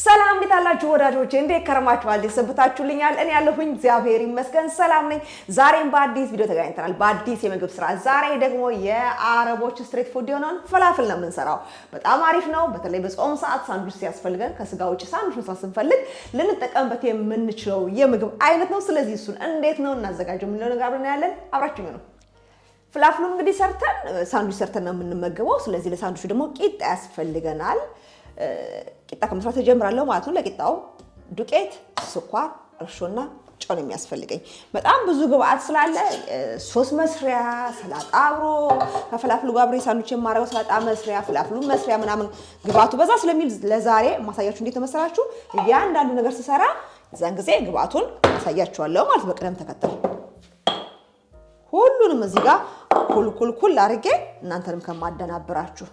ሰላም እንዴት አላችሁ ወዳጆቼ? እንዴት ከረማችኋል? ሰብታችሁልኛል? እኔ ያለሁኝ እግዚአብሔር ይመስገን ሰላም ነኝ። ዛሬም በአዲስ ቪዲዮ ተገናኝተናል፣ በአዲስ የምግብ ስራ። ዛሬ ደግሞ የአረቦች ስትሬት ፉድ የሆነውን ፈላፍል ነው የምንሰራው። በጣም አሪፍ ነው። በተለይ በጾም ሰዓት ሳንዱች ሲያስፈልገን ከስጋ ውጭ ሳንዱች መስራት ስንፈልግ ልንጠቀምበት የምንችለው የምግብ አይነት ነው። ስለዚህ እሱን እንዴት ነው እናዘጋጀው የምንለው ነገር አብረን ያለን አብራችሁ ነው ፍላፍሉ እንግዲህ ሰርተን ሳንዱች ሰርተን ነው የምንመገበው። ስለዚህ ለሳንዱች ደግሞ ቂጣ ያስፈልገናል። ቂጣ ከመስራት እጀምራለሁ ማለት ነው። ለቂጣው ዱቄት፣ ስኳር፣ እርሾና ጨው ነው የሚያስፈልገኝ። በጣም ብዙ ግብአት ስላለ ሶስት መስሪያ ሰላጣ አብሮ ከፈላፍሉ ጋር አብሬ ሳንዱች የማረገው ሰላጣ መስሪያ፣ ፍላፍሉ መስሪያ ምናምን ግብአቱ በዛ ስለሚል ለዛሬ ማሳያችሁ እንዴት መሰራችሁ እያንዳንዱ ነገር ስሰራ እዛን ጊዜ ግብአቱን ማሳያችኋለሁ ማለት በቅደም ተከተል ሁሉንም እዚህ ጋር ኩልኩልኩል አድርጌ እናንተንም ከማደናብራችሁ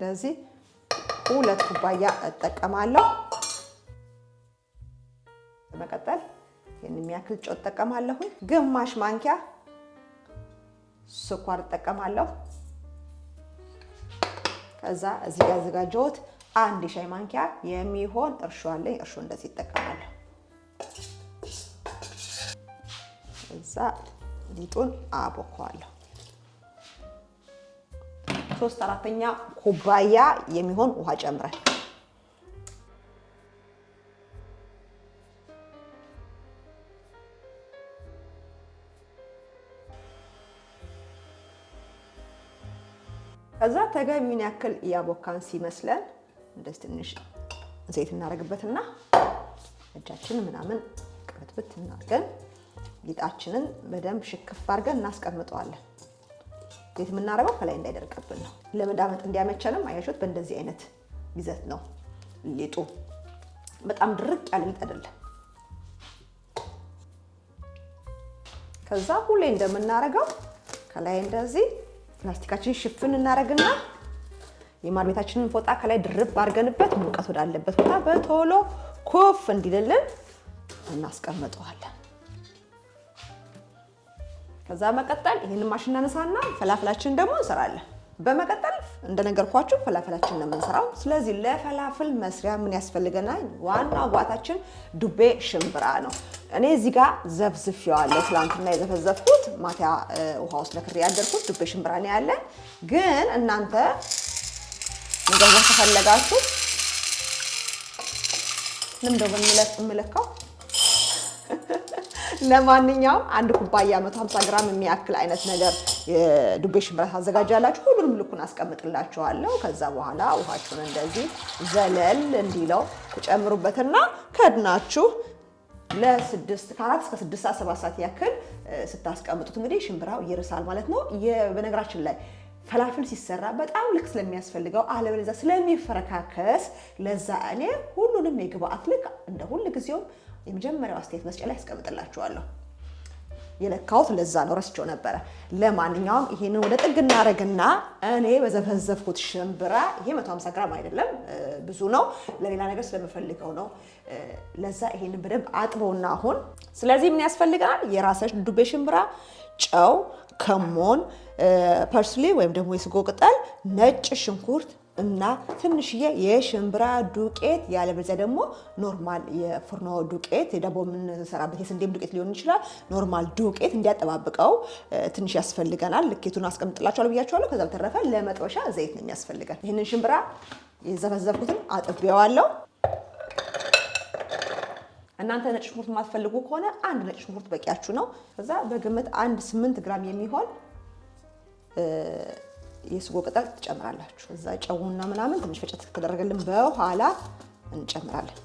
እንደዚህ ሁለት ኩባያ እጠቀማለሁ። በመቀጠል ይህን የሚያክል ጨው እጠቀማለሁ። ግማሽ ማንኪያ ስኳር እጠቀማለሁ። ከዛ እዚህ ጋር ያዘጋጀሁት አንድ ሻይ ማንኪያ የሚሆን እርሾ አለኝ። እርሾ እንደዚህ ይጠቀማለሁ። እዛ ሊጡን አቦከዋለሁ። ሶስት አራተኛ ኩባያ የሚሆን ውሃ ጨምረን ከዛ ተገቢውን ያክል እያቦካን ሲመስለን እንደዚህ ትንሽ ዘይት እናደርግበትና እጃችንን ምናምን ቅብትብት እናድርገን ሊጣችንን በደንብ ሽክፍ አድርገን እናስቀምጠዋለን። ቤት የምናደርገው ከላይ እንዳይደርቅብን ነው። ለመዳመጥ እንዲያመቸንም አያሾት በእንደዚህ አይነት ይዘት ነው ሊጡ። በጣም ድርቅ ያለ ሊጥ አይደለም። ከዛ ሁሌ እንደምናደርገው ከላይ እንደዚህ ፕላስቲካችን ሽፍን እናደርግና የማር ቤታችንን ፎጣ ከላይ ድርብ አድርገንበት ሙቀት ወዳለበት ቦታ በቶሎ ኮፍ እንዲልልን እናስቀምጠዋለን። ከዛ መቀጠል ይህንን ማሽን እናነሳና ፈላፍላችን ደግሞ እንሰራለን። በመቀጠል እንደነገርኳችሁ ፈላፈላችን ነው የምንሰራው። ስለዚህ ለፈላፍል መስሪያ ምን ያስፈልገናል? ዋና ዋታችን ዱቤ ሽምብራ ነው። እኔ እዚህ ጋር ዘፍዝፌዋለሁ። ትላንትና የዘፈዘፍኩት ማታ ውሃ ውስጥ ለክሬ ያደርኩት ዱቤ ሽምብራ ነው ያለን። ግን እናንተ መገዛ ከፈለጋችሁ ምንድነው የምለካው ለማንኛውም አንድ ኩባያ 150 ግራም የሚያክል አይነት ነገር የዱቤ ሽምብራ ታዘጋጃላችሁ። ሁሉንም ልኩን አስቀምጥላችኋለሁ። ከዛ በኋላ ውሃችሁን እንደዚህ ዘለል እንዲለው ትጨምሩበትና ከድናችሁ ለስድስት ከአራት እስከ ስድስት ሰዓት ሰባት ሰዓት ያክል ስታስቀምጡት እንግዲህ ሽምብራው ይርሳል ማለት ነው። በነገራችን ላይ ፈላፍል ሲሰራ በጣም ልክ ስለሚያስፈልገው አለበለዚያ ስለሚፈረካከስ፣ ለዛ እኔ ሁሉንም የግብአት ልክ እንደ ሁልጊዜውም የመጀመሪያው አስተያየት መስጫ ላይ ያስቀምጥላችኋለሁ። የለካሁት ለዛ ነው፣ ረስቼው ነበረ። ለማንኛውም ይሄንን ወደ ጥግ እናደርግና እኔ በዘፈዘፍኩት ሽምብራ ይሄ 150 ግራም አይደለም ብዙ ነው፣ ለሌላ ነገር ስለምፈልገው ነው። ለዛ ይሄንን በደንብ አጥበውና አሁን ስለዚህ ምን ያስፈልገናል? የራሰች ዱቤ ሽምብራ፣ ጨው፣ ከሞን፣ ፐርስሊ ወይም ደግሞ የስጎ ቅጠል፣ ነጭ ሽንኩርት እና ትንሽዬ የሽምብራ ዱቄት ያለበለዚያ ደግሞ ኖርማል የፍርኖ ዱቄት የዳቦ የምንሰራበት የስንዴም ዱቄት ሊሆን ይችላል። ኖርማል ዱቄት እንዲያጠባብቀው ትንሽ ያስፈልገናል። ልኬቱን አስቀምጥላችኋለሁ ብያችኋለሁ። ከዛ በተረፈ ለመጥበሻ ዘይት ነው የሚያስፈልገን። ይህንን ሽምብራ የዘፈዘፍኩትን አጥቤዋለሁ። እናንተ ነጭ ሽንኩርት የማትፈልጉ ከሆነ አንድ ነጭ ሽንኩርት በቂያችሁ ነው። ከዛ በግምት አንድ ስምንት ግራም የሚሆን የስጎ ቅጠል ትጨምራላችሁ። እዛ ጨውና ምናምን ትንሽ ፈጨት ከደረገልን በኋላ እንጨምራለን።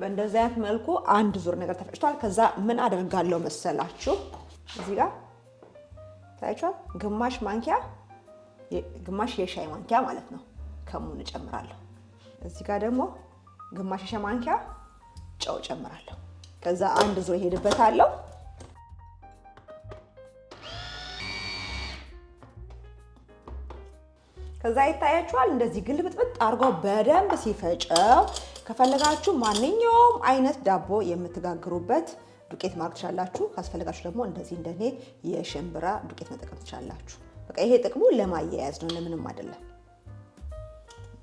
በእንደዚህ አይነት መልኩ አንድ ዙር ነገር ተፈጭቷል። ከዛ ምን አደርጋለሁ መሰላችሁ? እዚህ ጋር ታያችኋል። ግማሽ ማንኪያ ግማሽ የሻይ ማንኪያ ማለት ነው ከሙን እጨምራለሁ። እዚህ ጋር ደግሞ ግማሽ የሻይ ማንኪያ ጨው እጨምራለሁ። ከዛ አንድ ዙር እሄድበታለሁ። ከዛ ይታያችኋል እንደዚህ ግልብጥብጥ አድርጎ በደንብ ሲፈጨው ከፈለጋችሁ ማንኛውም አይነት ዳቦ የምትጋግሩበት ዱቄት ማድረግ ትችላላችሁ። ካስፈለጋችሁ ደግሞ እንደዚህ እንደኔ የሽምብራ ዱቄት መጠቀም ትችላላችሁ። በቃ ይሄ ጥቅሙ ለማያያዝ ነው፣ ለምንም አይደለም።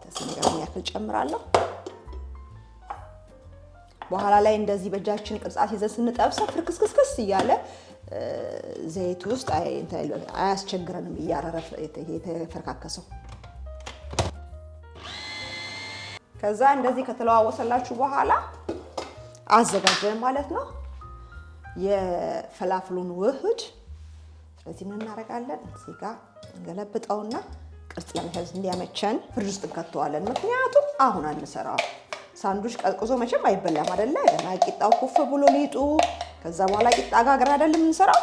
ተስ ነገር ያክል ጨምራለሁ። በኋላ ላይ እንደዚህ በእጃችን ቅርጻት ይዘን ስንጠብሰው ፍርክስክስክስ እያለ ዘይት ውስጥ አያስቸግረንም። እያረረ የተፈርካከሰው ከዛ እንደዚህ ከተለዋወሰላችሁ በኋላ አዘጋጀን ማለት ነው የፈላፍሉን ውህድ። ስለዚህ ምን እናደርጋለን? እዚህ ጋር እንገለብጠውና ቅርጽ ለመሸዝ እንዲያመቸን ፍርድ ውስጥ እንከተዋለን። ምክንያቱም አሁን አንሰራው ሳንዱሽ ቀዝቅዞ መቼም አይበላም አይደለ? ገና ቂጣው ኩፍ ብሎ ሊጡ ከዛ በኋላ ቂጣ ጋግር አይደለም የምንሰራው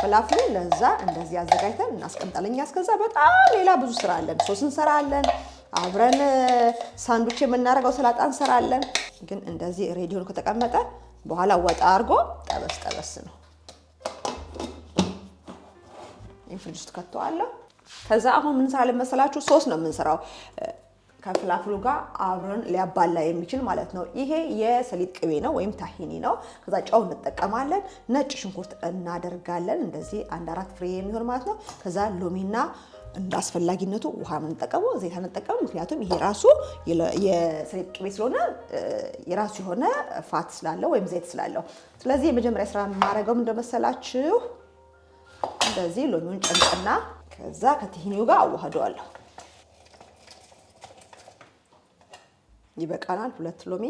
ፍላፍል ለዛ እንደዚህ አዘጋጅተን እናስቀምጣለን። እኛ በጣም ሌላ ብዙ ስራ አለን። ሶስ እንሰራለን፣ አብረን ሳንዱች የምናደርገው ሰላጣ እንሰራለን። ግን እንደዚህ ሬዲዮን ከተቀመጠ በኋላ ወጣ አድርጎ ጠበስ ጠበስ ነው። ፍሪጅ ውስጥ ከተዋለሁ። ከዛ አሁን ምን እንሰራለን መሰላችሁ? ሶስ ነው የምንሰራው ከፍላፍሉ ጋር አብረን ሊያባላ የሚችል ማለት ነው። ይሄ የሰሊጥ ቅቤ ነው ወይም ታሂኒ ነው። ከዛ ጨው እንጠቀማለን። ነጭ ሽንኩርት እናደርጋለን። እንደዚህ አንድ አራት ፍሬ የሚሆን ማለት ነው። ከዛ ሎሚና እንደ አስፈላጊነቱ ውሃ የምንጠቀሙ ዘይት አንጠቀሙ። ምክንያቱም ይሄ ራሱ የሰሊጥ ቅቤ ስለሆነ የራሱ የሆነ ፋት ስላለው ወይም ዘይት ስላለው፣ ስለዚህ የመጀመሪያ ስራ የማደርገው እንደመሰላችሁ እንደዚህ ሎሚውን ጨምቅና ከዛ ከትሂኒው ጋር አዋህደዋለሁ። ይበቃናል። ሁለት ሎሚ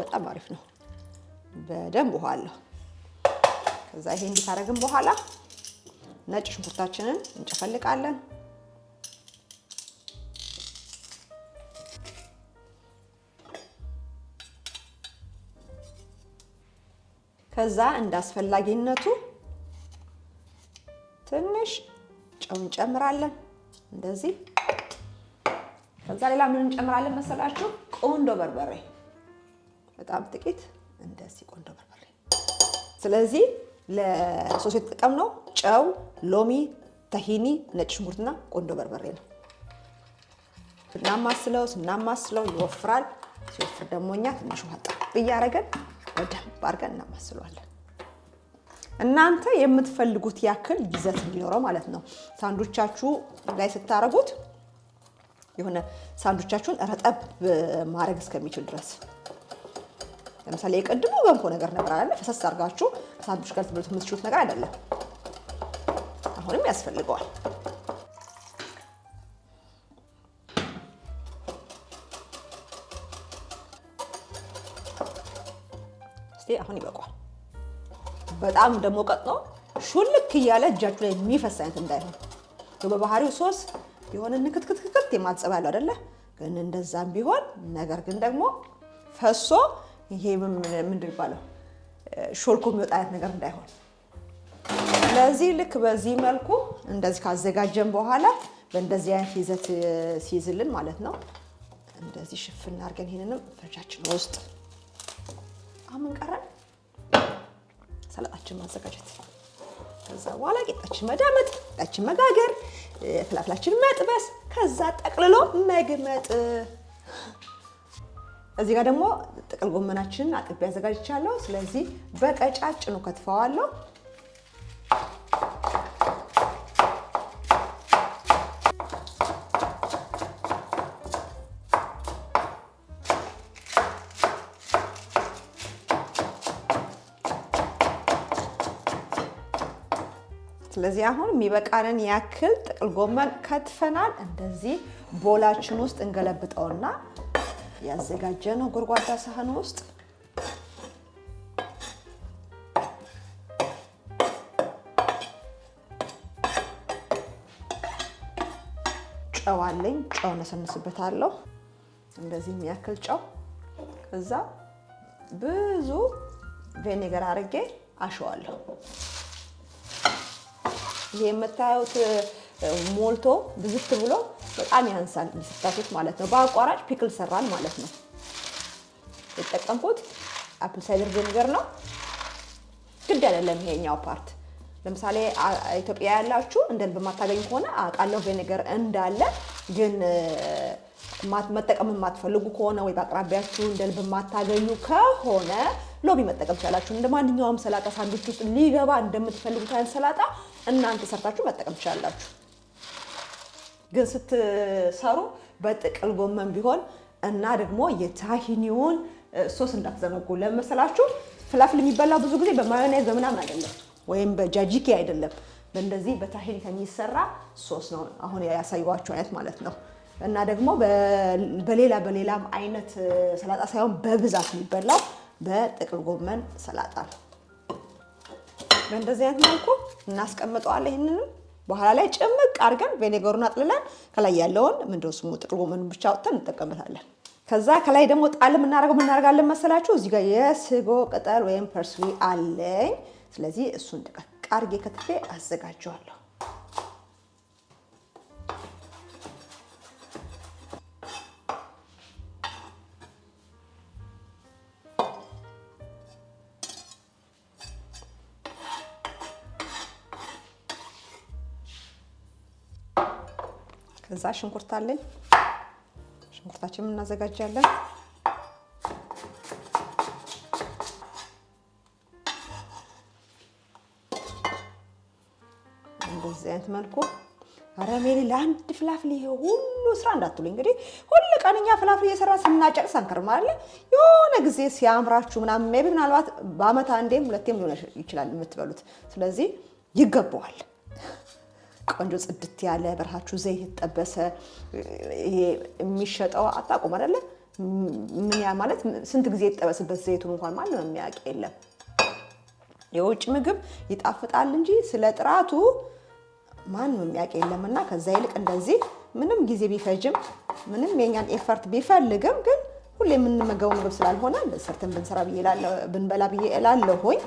በጣም አሪፍ ነው። በደንብ ውሃ ከዛ ይሄ እንዲታረግን በኋላ ነጭ ሽንኩርታችንን እንጨፈልቃለን። ከዛ እንደ አስፈላጊነቱ ትንሽ ጨው እንጨምራለን እንደዚህ ከዛ ሌላ ምን እንጨምራለን መሰላችሁ? ቆንዶ በርበሬ በጣም ጥቂት፣ እንደዚህ ቆንዶ በርበሬ። ስለዚህ ለሶስ ነው ጨው፣ ሎሚ፣ ተሂኒ፣ ነጭ ሽንኩርትና ቆንዶ በርበሬ ነው። ስናማስለው ስናማስለው ይወፍራል። ሲወፍር ደግሞ እኛ ትንሽ ውሃ እያረገን በደንብ አድርገን እናማስለዋለን። እናንተ የምትፈልጉት ያክል ይዘት እንዲኖረው ማለት ነው። ሳንዱቻችሁ ላይ ስታረጉት የሆነ ሳንዶቻችሁን ረጠብ ማድረግ እስከሚችል ድረስ ለምሳሌ የቀድሞ ገንፎ ነገር ነበር አለ ፈሰስ አድርጋችሁ ሳንዶች ጋር ትብሉት የምትችሉት ነገር አይደለም። አሁንም ያስፈልገዋል። አሁን ይበቋል። በጣም ደግሞ ቀጥኖ ሹልክ እያለ እጃችሁ ላይ የሚፈስ አይነት እንዳይሆን በባህሪው ሶስ የሆነ ንክትክትክት የማጸባሉ አይደለ ግን እንደዛም ቢሆን ነገር ግን ደግሞ ፈሶ ይሄ ምንድን ይባለው ሾልኮ የሚወጣ አይነት ነገር እንዳይሆን ለዚህ ልክ በዚህ መልኩ እንደዚህ ካዘጋጀን በኋላ በእንደዚህ አይነት ይዘት ሲይዝልን ማለት ነው። እንደዚህ ሽፍን አድርገን ይሄንንም ፍሪጃችን ውስጥ አሁን ቀረን ሰላጣችን ማዘጋጀት ከዛ በኋላ ጌጣችን መዳመጥ፣ ጌጣችን መጋገር፣ ፍላፍላችን መጥበስ፣ ከዛ ጠቅልሎ መግመጥ። እዚህ ጋር ደግሞ ጥቅል ጎመናችንን አጥቤ አዘጋጅቻለሁ። ስለዚህ በቀጫጭኑ ከትፈዋለሁ። ስለዚህ አሁን የሚበቃንን ያክል ጥቅል ጎመን ከትፈናል። እንደዚህ ቦላችን ውስጥ እንገለብጠውና ያዘጋጀነው ጎድጓዳ ሳህን ውስጥ ጨው አለኝ። ጨው ነሰንስበታለሁ፣ እንደዚህ የሚያክል ጨው። ከዛ ብዙ ቬኔገር አድርጌ አሸዋለሁ። ይሄ የምታዩት ሞልቶ ብዝት ብሎ በጣም ያንሳል ስታሱት ማለት ነው። በአቋራጭ ፒክል ሰራን ማለት ነው። የተጠቀምኩት አፕል ሳይደር ቪኒገር ነው። ግድ አይደለም ይሄኛው ፓርት። ለምሳሌ ኢትዮጵያ ያላችሁ እንደ ልብ የማታገኙ ከሆነ አውቃለሁ ቪኒገር እንዳለ ግን መጠቀም የማትፈልጉ ከሆነ ወይ በአቅራቢያችሁ እንደ ልብ የማታገኙ ከሆነ ሎሚ መጠቀም ትችላላችሁ። እንደ ማንኛውም ሰላጣ ሳንዱች ውስጥ ሊገባ እንደምትፈልጉት አይነት ሰላጣ እናንተ ሰርታችሁ መጠቀም ትችላላችሁ። ግን ስትሰሩ በጥቅል ጎመን ቢሆን እና ደግሞ የታሂኒውን ሶስ እንዳትዘነጉ። ለመሰላችሁ ፍላፍል የሚበላ ብዙ ጊዜ በማዮኔዝ በምናምን አይደለም፣ ወይም በጃጂኪ አይደለም። በእንደዚህ በታሂኒ ከሚሰራ ሶስ ነው አሁን ያሳየኋችሁ አይነት ማለት ነው። እና ደግሞ በሌላ በሌላም አይነት ሰላጣ ሳይሆን በብዛት የሚበላው በጥቅል ጎመን ሰላጣ ነው። በእንደዚህ አይነት መልኩ እናስቀምጠዋለን። ይህንንም በኋላ ላይ ጭምቅ አድርገን ቬኔገሩን አጥልለን ከላይ ያለውን ምንድነው ስሙ ጥቅል ጎመን ብቻ አውጥተን እንጠቀምበታለን። ከዛ ከላይ ደግሞ ጣል የምናደርገው የምናደርጋለን መሰላችሁ? እዚህ ጋር የስጎ ቅጠል ወይም ፐርስሊ አለኝ። ስለዚህ እሱን ደቀቅ አድርጌ ከትፌ አዘጋጀዋለሁ። እዛ ሽንኩርት አለኝ። ሽንኩርታችን እናዘጋጃለን። እንደዚህ አይነት መልኩ አረሜሌ ለአንድ ፍላፍሌ ይሄ ሁሉ ስራ እንዳትሉ እንግዲህ ሁሉ ቀንኛ እኛ ፍላፍሌ እየሰራ ስናጨርስ አንከርም አይደል? የሆነ ጊዜ ሲያምራችሁ ምናምን ሜይ ምናልባት በአመት አንዴም ሁለቴም ሊሆን ይችላል የምትበሉት። ስለዚህ ይገባዋል። ቆንጆ ጽድት ያለ በርሃችሁ ዘይት የተጠበሰ የሚሸጠው አታቁም አይደለ? ምን ያ ማለት ስንት ጊዜ የተጠበስበት ዘይቱን እንኳን ማንም የሚያውቅ የለም። የውጭ ምግብ ይጣፍጣል እንጂ ስለ ጥራቱ ማንም የሚያውቅ የለም። እና ከዛ ይልቅ እንደዚህ ምንም ጊዜ ቢፈጅም ምንም የኛን ኤፈርት ቢፈልግም ግን ሁሌ የምንመገበው ምግብ ስላልሆነ ሰርተን ብንሰራ ብንበላ ብዬ እላለሁኝ።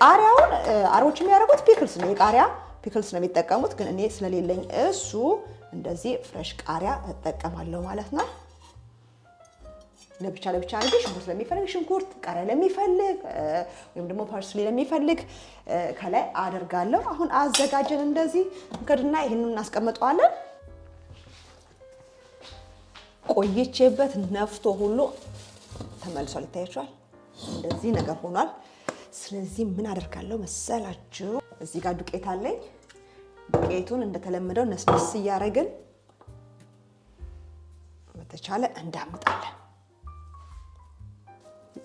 ቃሪያውን አሮች የሚያደርጉት ፒክልስ ነው የቃሪያ ፒክልስ ነው የሚጠቀሙት፣ ግን እኔ ስለሌለኝ እሱ እንደዚህ ፍሬሽ ቃሪያ እጠቀማለሁ ማለት ነው። ለብቻ ለብቻ አድርጌ ሽንኩርት ለሚፈልግ ሽንኩርት፣ ቃሪያ ለሚፈልግ ወይም ደግሞ ፓርስሊ ለሚፈልግ ከላይ አደርጋለሁ። አሁን አዘጋጀን እንደዚህ እንከድና ይህንን እናስቀምጠዋለን። ቆይቼበት ነፍቶ ሁሉ ተመልሷል። ይታያችኋል፣ እንደዚህ ነገር ሆኗል። ስለዚህ ምን አደርጋለሁ መሰላችሁ እዚህ ጋር ዱቄት አለኝ። ዱቄቱን እንደተለመደው ነስነስ እያደረግን በተቻለ እንዳምጣለን።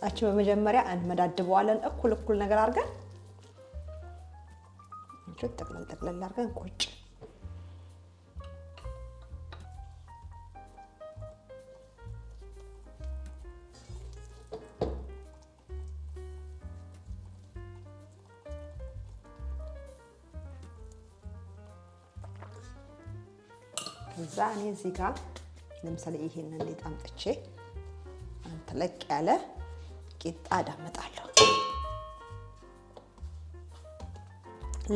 ጣችን በመጀመሪያ እንመዳድበዋለን። እኩል እኩል ነገር አድርገን ጥቅልል ጥቅልል አድርገን ቆጭ እኔ እዚህ ጋር ለምሳሌ ይሄንን ሊጥ አምጥቼ ተለቅ ያለ ቂጣ አዳምጣለሁ።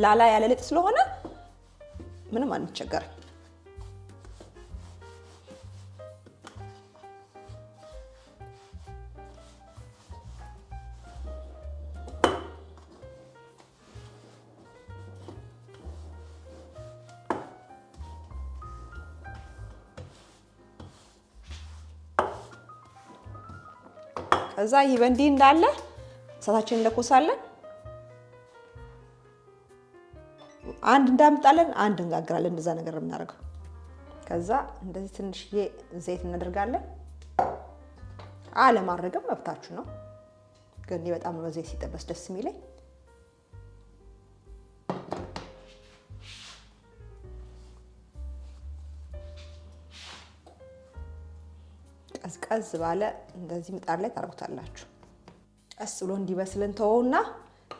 ላላ ያለ ሊጥ ስለሆነ ምንም አንቸገርም። እዛ ይህ በእንዲህ እንዳለ እሳታችን እንለኮሳለን። አንድ እንዳምጣለን፣ አንድ እንጋግራለን። እንደዛ ነገር የምናደርገው ከዛ እንደዚህ ትንሽዬ ዘይት እናደርጋለን። አለማድረግም መብታችሁ ነው፣ ግን በጣም በዘይት ዘይት ሲጠበስ ደስ የሚለኝ። ቀዝ ባለ እንደዚህ ምጣድ ላይ ታደርጉታላችሁ። ቀስ ብሎ እንዲበስልን ተወውና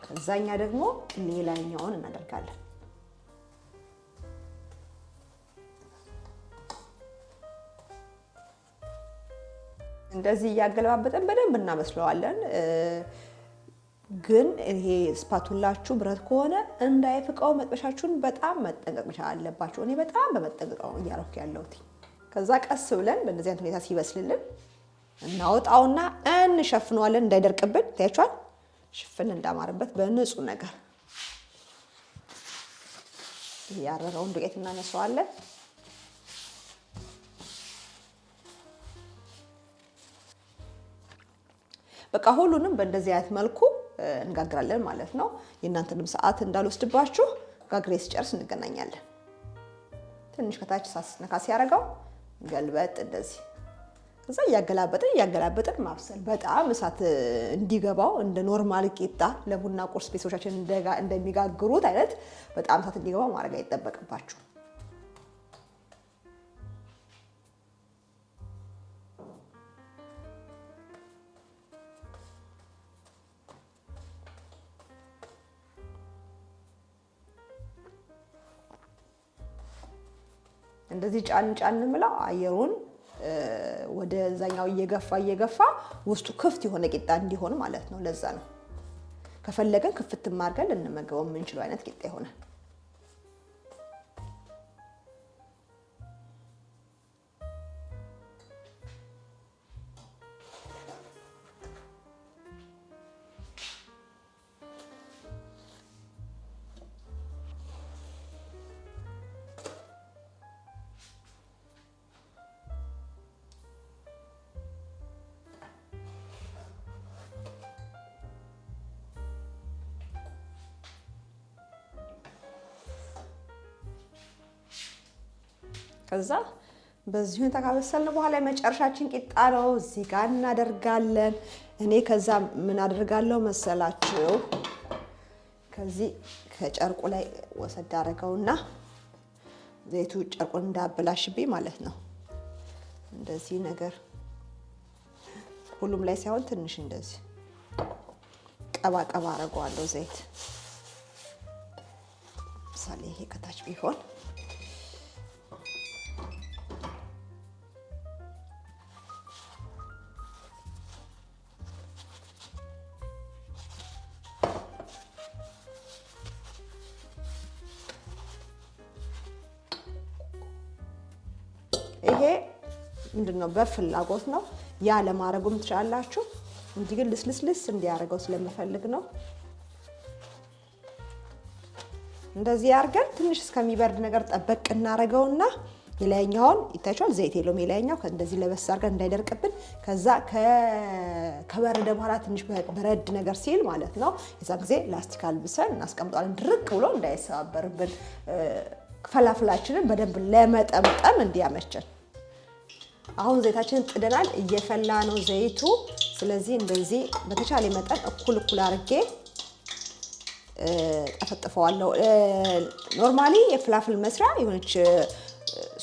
ከዛኛ ደግሞ ሌላኛውን እናደርጋለን። እንደዚህ እያገለባበጠን በደንብ እናበስለዋለን። ግን ይሄ ስፓቱላችሁ ብረት ከሆነ እንዳይፍቀው መጥበሻችሁን በጣም መጠንቀቅ መቻል አለባችሁ። እኔ በጣም በመጠንቀቅ ነው እያረኩ ያለሁት። ከዛ ቀስ ብለን በእንደዚህ አይነት ሁኔታ ሲበስልልን እናወጣውና እንሸፍነዋለን እንዳይደርቅብን። ታያችኋል፣ ሽፍን እንዳማርበት በንጹህ ነገር ያረረውን ዱቄት እናነሳዋለን። በቃ ሁሉንም በእንደዚህ አይነት መልኩ እንጋግራለን ማለት ነው። የእናንተንም ሰዓት እንዳልወስድባችሁ ጋግሬ ስጨርስ እንገናኛለን። ትንሽ ከታች ሳስነካ ሲያደርገው ገልበጥ እንደዚህ እዛ እያገላበጥን እያገላበጥን ማብሰል በጣም እሳት እንዲገባው እንደ ኖርማል ቂጣ ለቡና ቁርስ ቤተሰቦቻችን እንደሚጋግሩት አይነት በጣም እሳት እንዲገባው ማድረግ አይጠበቅባችሁ። እንደዚህ ጫን ጫን ምለው አየሩን ወደ ዛኛው እየገፋ እየገፋ ውስጡ ክፍት የሆነ ቂጣ እንዲሆን ማለት ነው። ለዛ ነው ከፈለገን ክፍት ማድረግ ልንመገበው የምንችለው አይነት ቂጣ ይሆናል። ከዛ በዚሁ ሁኔታ በኋላ የመጨረሻችን ቂጣ ነው እዚህ ጋር እናደርጋለን። እኔ ከዛ ምን አደርጋለሁ መሰላችሁ? ከዚህ ከጨርቁ ላይ ወሰድ አደረገውና ዘይቱ ጨርቁን እንዳበላሽብኝ ማለት ነው። እንደዚህ ነገር ሁሉም ላይ ሳይሆን ትንሽ እንደዚህ ቀባቀባ ቀባ አደርገዋለሁ ዘይት ምሳሌ ይሄ ከታች ቢሆን ይሄ ምንድን ነው በፍላጎት ነው። ያ ለማድረጉም ትችላላችሁ። እንዲህ ግን ልስልስልስ እንዲያደርገው ስለምፈልግ ነው። እንደዚህ አድርገን ትንሽ እስከሚበርድ ነገር ጠበቅ እናደርገውና የላይኛውን ይታችኋል፣ ዘይት የለውም የላይኛው። እንደዚህ ለበስ አድርገን እንዳይደርቅብን። ከዛ ከበረደ በኋላ ትንሽ በረድ ነገር ሲል ማለት ነው፣ የዛ ጊዜ ላስቲክ አልብሰን እናስቀምጠዋለን፣ ድርቅ ብሎ እንዳይሰባበርብን፣ ፈላፍላችንን በደንብ ለመጠምጠም እንዲያመቸን አሁን ዘይታችንን ጥደናል፣ እየፈላ ነው ዘይቱ። ስለዚህ እንደዚህ በተቻለ መጠን እኩል እኩል አድርጌ ጠፈጥፈዋለሁ። ኖርማሊ የፍላፍል መስሪያ የሆነች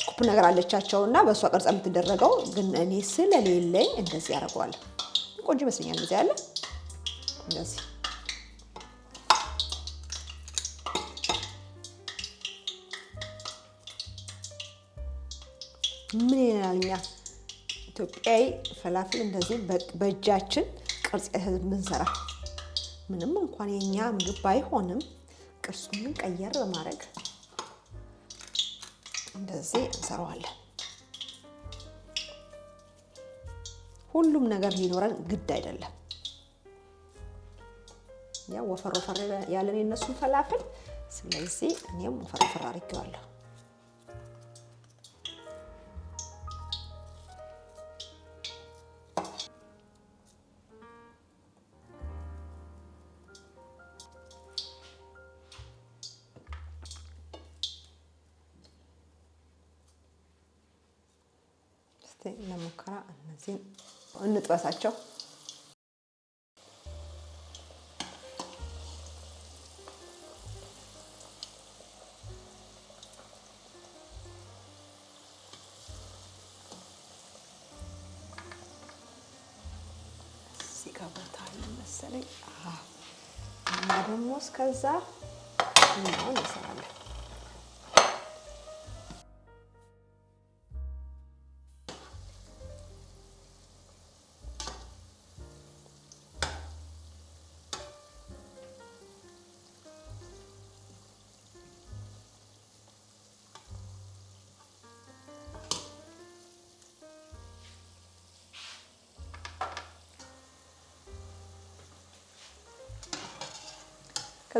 ስኩፕ ነገር አለቻቸው እና በእሷ ቅርጽ የምትደረገው ግን እኔ ስለሌለኝ እንደዚህ አደርገዋለሁ። ቆንጆ ይመስለኛል። እንደዚህ ያለ እንደዚህ ምን ይለናል እኛ ኢትዮጵያዊ ፈላፍል እንደዚህ በእጃችን ቅርጽ የምንሰራ ምንም እንኳን የኛ ምግብ ባይሆንም ቅርጹን ቀየር በማድረግ እንደዚህ እንሰራዋለን። ሁሉም ነገር ሊኖረን ግድ አይደለም። ያ ወፈር ወፈር ያለን የነሱን ፈላፍል፣ ስለዚህ እኔም ወፈር ወፈር አድርጌዋለሁ። እስቲ ለሙከራ እነዚህን እንጥበሳቸው። ይገባታል መሰለኝ እና ደግሞ እስከዛ ምናውን ይሰራል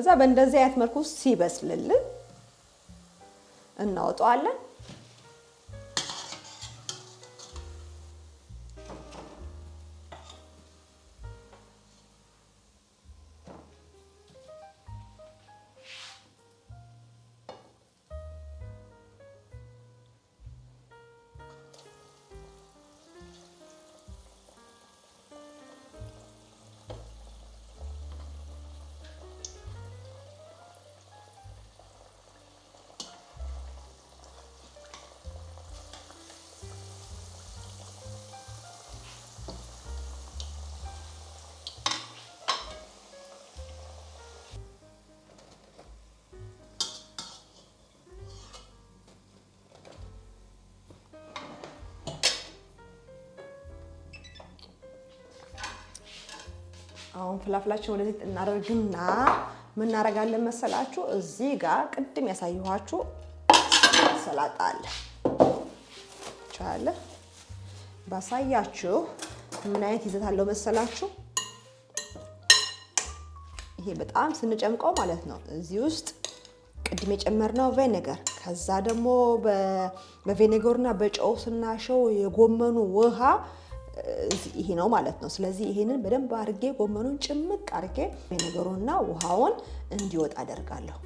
ከዛ በእንደዚህ አይነት መልኩ ሲበስልልን እናወጣዋለን። አሁን ፍላፍላችን ወደዚህ እናደርግና ምን እናደርጋለን መሰላችሁ? እዚህ ጋር ቅድም ያሳየኋችሁ ሰላጣ አለ ቻለ ባሳያችሁ ምን አይነት ይዘት አለው መሰላችሁ? ይሄ በጣም ስንጨምቀው ማለት ነው እዚህ ውስጥ ቅድም የጨመርነው ቬኔገር ከዛ ደግሞ በቬኔገሩና በጨው ስናሸው የጎመኑ ውሃ ይሄ ነው ማለት ነው። ስለዚህ ይሄንን በደንብ አርጌ ጎመኑን ጭምቅ አርጌ ነገሩና ውሃውን እንዲወጣ አደርጋለሁ።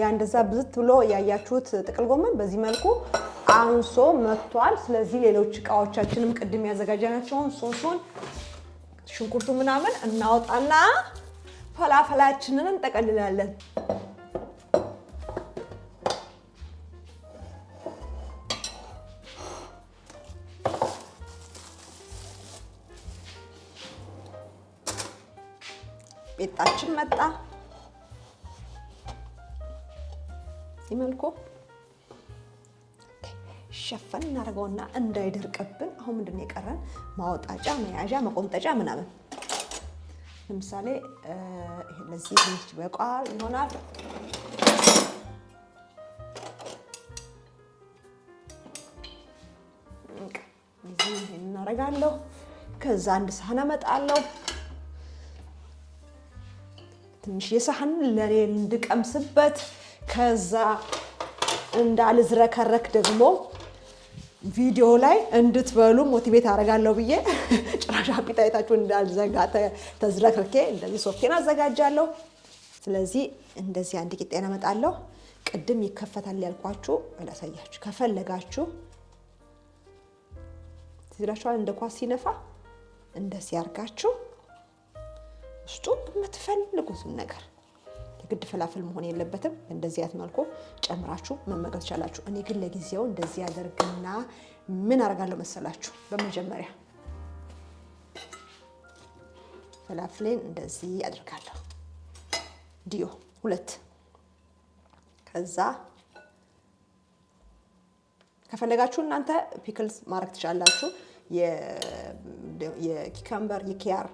ያ እንደዛ ብዝት ብሎ ያያችሁት ጥቅል ጎመን በዚህ መልኩ አንሶ መጥቷል። ስለዚህ ሌሎች እቃዎቻችንም ቅድም ያዘጋጀናቸውን ሶሱን፣ ሽንኩርቱ ምናምን እናወጣና ፈላፈላችንን እንጠቀልላለን። መልኩ ሸፈን እናደርገውና እንዳይደርቅብን አሁን ምንድን ነው የቀረን? ማውጣጫ፣ መያዣ፣ መቆምጠጫ ምናምን ለምሳሌ ይሄ ለዚህ ትንሽ በቃል ይሆናል። እዚህ እናደርጋለሁ። ከዛ አንድ ሳህን አመጣለሁ። ትንሽ የሳህን ለኔ እንድቀምስበት ከዛ እንዳልዝረከረክ ደግሞ ቪዲዮ ላይ እንድትበሉ ሞቲቬት አደርጋለሁ ብዬ ጭራሽ አፒታይታችሁን እንዳልዘጋ ተዝረክርኬ እንደዚህ ሶፍቴን አዘጋጃለሁ። ስለዚህ እንደዚህ አንድ ቂጤን አመጣለሁ። ቅድም ይከፈታል ያልኳችሁ እንዳሳያችሁ ከፈለጋችሁ ትዝላችኋል። እንደ ኳስ ሲነፋ እንደዚህ ያርጋችሁ ውስጡ የምትፈልጉትን ነገር ግድ ፍላፍል መሆን የለበትም። እንደዚህ ያት መልኩ ጨምራችሁ መመገብ ትቻላችሁ እኔ ግን ለጊዜው እንደዚህ ያደርግና ምን አደርጋለሁ መሰላችሁ? በመጀመሪያ ፍላፍሌን እንደዚህ ያደርጋለሁ ዲዮ ሁለት ከዛ ከፈለጋችሁ እናንተ ፒክልስ ማድረግ ትችላላችሁ። የኪከምበር የኪያር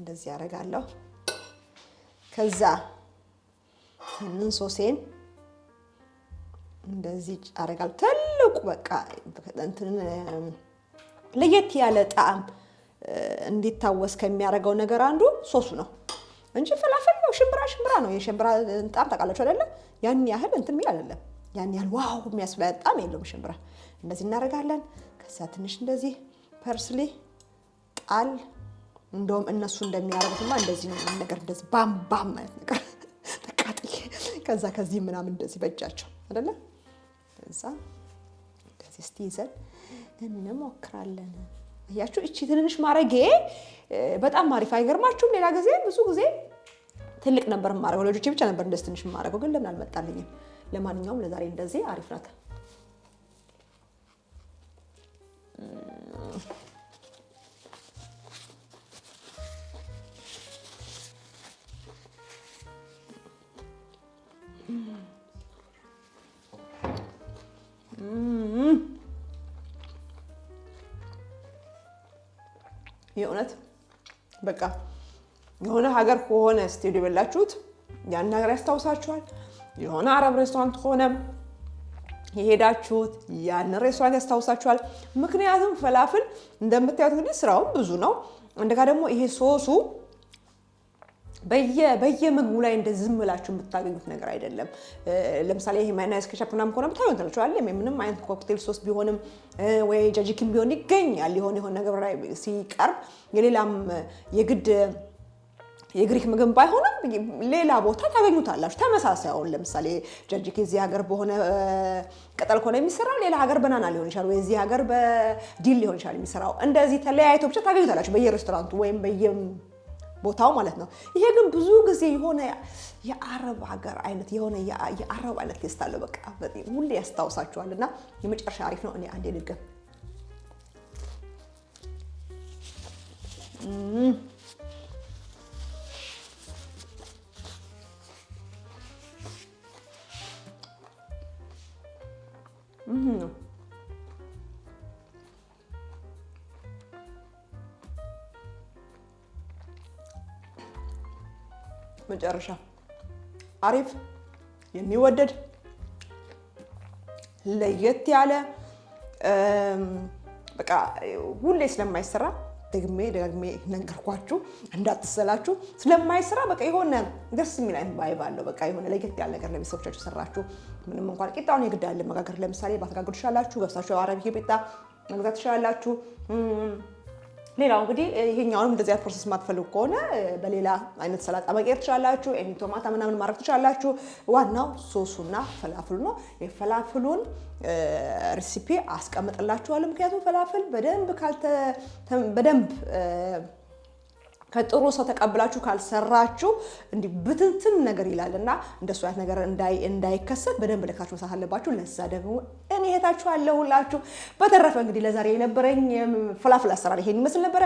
እንደዚህ አደርጋለሁ። ከዛ ያንን ሶሴን እንደዚህ አረጋል። ትልቁ በቃ እንትን ለየት ያለ ጣዕም እንዲታወስ ከሚያደርገው ነገር አንዱ ሶሱ ነው እንጂ ፍላፍል ነው ሽምብራ ሽምብራ ነው። የሽምብራ ጣም ታውቃላችሁ አይደለ? ያን ያህል እንትን ሚል አይደለም። ያን ያህል ዋው የሚያስበላ ጣም የለውም። ሽምብራ እንደዚህ እናደርጋለን። ከዛ ትንሽ እንደዚህ ፐርስሊ ቃል እንደውም እነሱ እንደሚያረጉትማ እንደዚህ ነው ነገር እንደዚህ ባም ባም ማለት ነገር ተቃጥዬ ከዛ ከዚህ ምናምን እንደዚህ በእጃቸው አይደለ ከዛ እንደዚህ እስቲ ይዘን እንሞክራለን። እያችሁ እቺ ትንንሽ ማረጌ በጣም አሪፍ አይገርማችሁም? ሌላ ጊዜ ብዙ ጊዜ ትልቅ ነበር ማድረገው ልጆቼ ብቻ ነበር እንደዚህ ትንሽ ማረገው፣ ግን ለምን አልመጣልኝም? ለማንኛውም ለዛሬ እንደዚህ አሪፍ ናት። የእውነት በቃ የሆነ ሀገር ከሆነ ስትሄዱ የበላችሁት ያን ሀገር ያስታውሳችኋል። የሆነ አረብ ሬስቶራንት ከሆነ የሄዳችሁት ያን ሬስቶራንት ያስታውሳችኋል። ምክንያቱም ፈላፍል እንደምታዩት እንግዲህ ስራውም ብዙ ነው። እንደጋ ደግሞ ይሄ ሶሱ በየ በየምግቡ ላይ እንደ ዝም ብላችሁ የምታገኙት ነገር አይደለም። ለምሳሌ ይሄ ማይናስ ኬቻፕ ምናምን ከሆነ ብታዩ ተለችዋለ ምንም አይነት ኮክቴል ሶስ ቢሆንም ወይ ጃጂኪን ቢሆን ይገኛል። የሆነ የሆነ ነገር ላይ ሲቀርብ የሌላም የግድ የግሪክ ምግብ ባይሆንም ሌላ ቦታ ታገኙታላችሁ። ተመሳሳይ አሁን ለምሳሌ ጃጅክ እዚህ ሀገር በሆነ ቅጠል ከሆነ የሚሰራው ሌላ ሀገር በናና ሊሆን ይችላል፣ ወይ እዚህ ሀገር በዲል ሊሆን ይችላል የሚሰራው። እንደዚህ ተለያይቶ ብቻ ታገኙታላችሁ በየሬስቶራንቱ ወይም ቦታው ማለት ነው። ይሄ ግን ብዙ ጊዜ የሆነ የአረብ ሀገር አይነት የሆነ የአረብ አይነት ቴስት አለው። በቃ ሁሌ ያስታውሳችኋል። እና የመጨረሻ አሪፍ ነው። እኔ አንዴ ልገም ነው መጨረሻ አሪፍ የሚወደድ ለየት ያለ በቃ ሁሌ ስለማይሰራ ደግሜ ደጋግሜ ነገርኳችሁ እንዳትሰላችሁ። ስለማይሰራ በቃ የሆነ ደስ የሚል ቫይብ አለው። በቃ የሆነ ለየት ያለ ነገር ለቤተሰቦቻችሁ ሰራችሁ። ምንም እንኳን ቂጣውን የግድ አለ መጋገር፣ ለምሳሌ ባትጋግሩ ትችላላችሁ። ገብሳችሁ አረብ ቂጣ መግዛት ትችላላችሁ። ሌላው እንግዲህ ይሄኛውንም አይነት ፕሮሰስ የማትፈልጉ ከሆነ በሌላ አይነት ሰላጣ መቀየር ትችላላችሁ። ኤኒ ቶማታ ምናምን ማድረግ ትችላላችሁ። ዋናው ሶሱና ፈላፍሉ ነው። የፈላፍሉን ሪሲፒ አስቀምጥላችኋለሁ። ምክንያቱም ፈላፍል በደንብ ካልተ በደንብ ከጥሩ ሰው ተቀብላችሁ ካልሰራችሁ እንዲህ ብትንትን ነገር ይላል እና እንደሱ አይነት ነገር እንዳይከሰት በደንብ ልካችሁ መሳት አለባችሁ። ለዛ ደግሞ እኔ እህታችሁ አለሁላችሁ። በተረፈ እንግዲህ ለዛሬ የነበረኝ ፍላፍል አሰራር ይሄን ይመስል ነበረ።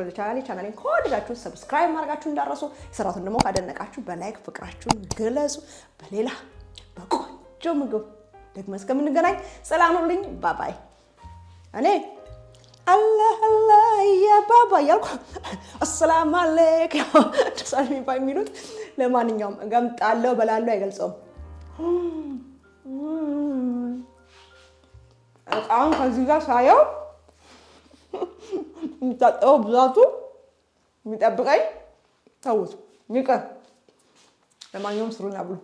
ወደ ቻናሌ ቻናሌን ከወደዳችሁ ሰብስክራይብ ማድረጋችሁ እንዳረሱ፣ ስራቱን ደግሞ ካደነቃችሁ በላይክ ፍቅራችሁን ግለጹ። በሌላ በቆንጆ ምግብ ደግሞ እስከምንገናኝ ሰላም ሁኑልኝ። ባባይ እኔ አላህ አላህ ያባባ እያልኩ አሰላም አለይክ ደሳል የሚባ የሚሉት ለማንኛውም እገምጣለሁ በላለሁ አይገልጸውም። እቃውን ከዚህ ጋር ሳየው የሚታጠበው ብዛቱ የሚጠብቀኝ ተውት ይቅር። ለማንኛውም ስሩና ብሉ።